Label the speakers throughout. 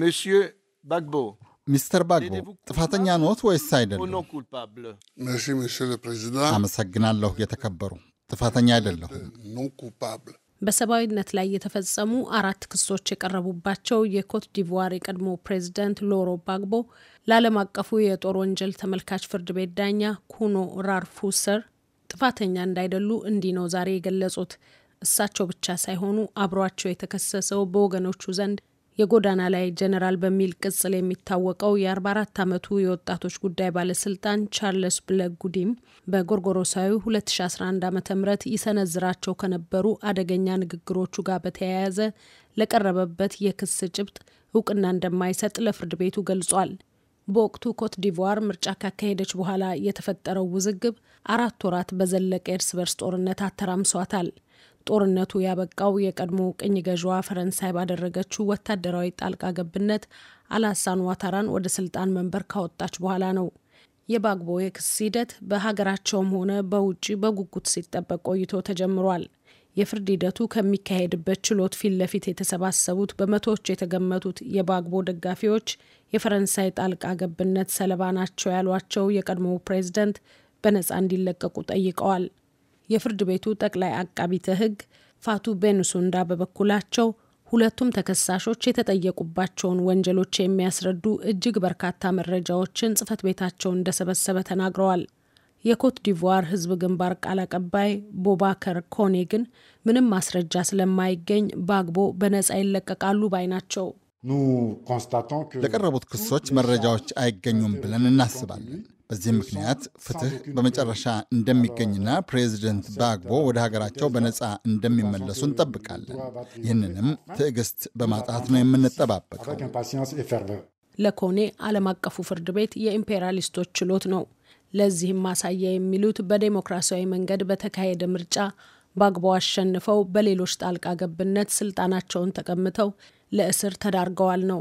Speaker 1: ሚስተር ባግቦ ጥፋተኛ ኖት ወይስ አይደለም? አመሰግናለሁ የተከበሩ። ጥፋተኛ አይደለሁም። euh,
Speaker 2: በሰብአዊነት ላይ የተፈጸሙ አራት ክሶች የቀረቡባቸው የኮት ዲቮር የቀድሞ ፕሬዚደንት ሎሮ ባግቦ ለዓለም አቀፉ የጦር ወንጀል ተመልካች ፍርድ ቤት ዳኛ ኩኖ ራርፉሰር ጥፋተኛ እንዳይደሉ እንዲህ ነው ዛሬ የገለጹት። እሳቸው ብቻ ሳይሆኑ አብሯቸው የተከሰሰው በወገኖቹ ዘንድ የጎዳና ላይ ጀነራል በሚል ቅጽል የሚታወቀው የ44 ዓመቱ የወጣቶች ጉዳይ ባለስልጣን ቻርለስ ብለጉዲም ጉዲም በጎርጎሮሳዊ 2011 ዓ ም ይሰነዝራቸው ከነበሩ አደገኛ ንግግሮቹ ጋር በተያያዘ ለቀረበበት የክስ ጭብጥ እውቅና እንደማይሰጥ ለፍርድ ቤቱ ገልጿል። በወቅቱ ኮት ዲቮር ምርጫ ካካሄደች በኋላ የተፈጠረው ውዝግብ አራት ወራት በዘለቀ የእርስ በርስ ጦርነት አተራምሷታል። ጦርነቱ ያበቃው የቀድሞ ቅኝ ገዥዋ ፈረንሳይ ባደረገችው ወታደራዊ ጣልቃ ገብነት አላሳን ዋታራን ወደ ስልጣን መንበር ካወጣች በኋላ ነው። የባግቦ የክስ ሂደት በሀገራቸውም ሆነ በውጭ በጉጉት ሲጠበቅ ቆይቶ ተጀምሯል። የፍርድ ሂደቱ ከሚካሄድበት ችሎት ፊት ለፊት የተሰባሰቡት በመቶዎች የተገመቱት የባግቦ ደጋፊዎች የፈረንሳይ ጣልቃ ገብነት ሰለባ ናቸው ያሏቸው የቀድሞ ፕሬዝደንት በነፃ እንዲለቀቁ ጠይቀዋል። የፍርድ ቤቱ ጠቅላይ አቃቢተ ሕግ ፋቱ ቤንሱንዳ በበኩላቸው ሁለቱም ተከሳሾች የተጠየቁባቸውን ወንጀሎች የሚያስረዱ እጅግ በርካታ መረጃዎችን ጽህፈት ቤታቸው እንደሰበሰበ ተናግረዋል። የኮት ዲቯር ህዝብ ግንባር ቃል አቀባይ ቦባከር ኮኔ ግን ምንም ማስረጃ ስለማይገኝ ባግቦ በነጻ ይለቀቃሉ ባይ ናቸው።
Speaker 1: ለቀረቡት ክሶች መረጃዎች አይገኙም ብለን እናስባለን። በዚህም ምክንያት ፍትህ በመጨረሻ እንደሚገኝና ፕሬዚደንት ባግቦ ወደ ሀገራቸው በነፃ እንደሚመለሱ እንጠብቃለን። ይህንንም ትዕግስት በማጣት ነው የምንጠባበቀው።
Speaker 2: ለኮኔ ዓለም አቀፉ ፍርድ ቤት የኢምፔሪያሊስቶች ችሎት ነው። ለዚህም ማሳያ የሚሉት በዴሞክራሲያዊ መንገድ በተካሄደ ምርጫ በአግባው አሸንፈው በሌሎች ጣልቃ ገብነት ስልጣናቸውን ተቀምተው ለእስር ተዳርገዋል ነው።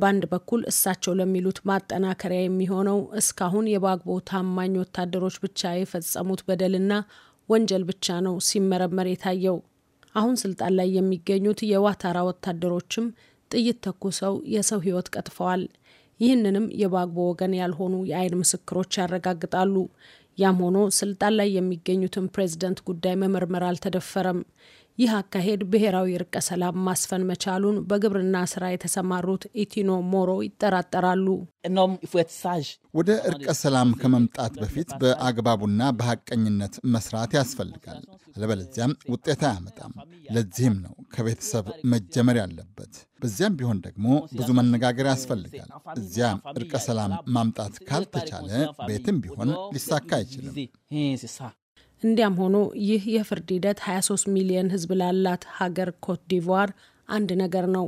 Speaker 2: በአንድ በኩል እሳቸው ለሚሉት ማጠናከሪያ የሚሆነው እስካሁን የባግቦ ታማኝ ወታደሮች ብቻ የፈጸሙት በደልና ወንጀል ብቻ ነው ሲመረመር የታየው። አሁን ስልጣን ላይ የሚገኙት የዋታራ ወታደሮችም ጥይት ተኩሰው የሰው ሕይወት ቀጥፈዋል። ይህንንም የባግቦ ወገን ያልሆኑ የአይን ምስክሮች ያረጋግጣሉ። ያም ሆኖ ስልጣን ላይ የሚገኙትን ፕሬዝደንት ጉዳይ መመርመር አልተደፈረም። ይህ አካሄድ ብሔራዊ እርቀ ሰላም ማስፈን መቻሉን በግብርና ስራ የተሰማሩት ኢቲኖ ሞሮ ይጠራጠራሉ።
Speaker 1: ወደ እርቀ ሰላም ከመምጣት በፊት በአግባቡና በሀቀኝነት መስራት ያስፈልጋል። አለበለዚያም ውጤት አያመጣም። ለዚህም ነው ከቤተሰብ መጀመር ያለበት። በዚያም ቢሆን ደግሞ ብዙ መነጋገር ያስፈልጋል። እዚያ እርቀ ሰላም ማምጣት ካልተቻለ ቤትም ቢሆን ሊሳካ አይችልም።
Speaker 2: እንዲያም ሆኖ ይህ የፍርድ ሂደት 23 ሚሊዮን ሕዝብ ላላት ሀገር ኮት ዲቯር አንድ ነገር ነው።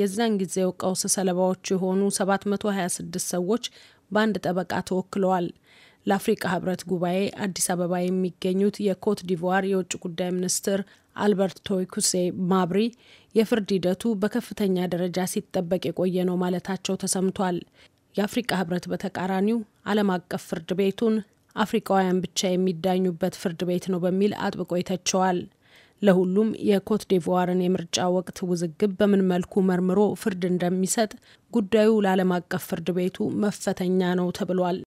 Speaker 2: የዚያን ጊዜው ቀውስ ሰለባዎች የሆኑ 726 ሰዎች በአንድ ጠበቃ ተወክለዋል። ለአፍሪቃ ህብረት ጉባኤ አዲስ አበባ የሚገኙት የኮት ዲቮር የውጭ ጉዳይ ሚኒስትር አልበርት ቶይኩሴ ማብሪ የፍርድ ሂደቱ በከፍተኛ ደረጃ ሲጠበቅ የቆየ ነው ማለታቸው ተሰምቷል። የአፍሪቃ ህብረት በተቃራኒው ዓለም አቀፍ ፍርድ ቤቱን አፍሪቃውያን ብቻ የሚዳኙበት ፍርድ ቤት ነው በሚል አጥብቆ ይተቸዋል። ለሁሉም የኮት ዲቮዋርን የምርጫ ወቅት ውዝግብ በምን መልኩ መርምሮ ፍርድ እንደሚሰጥ ጉዳዩ ለዓለም አቀፍ ፍርድ ቤቱ መፈተኛ ነው ተብሏል።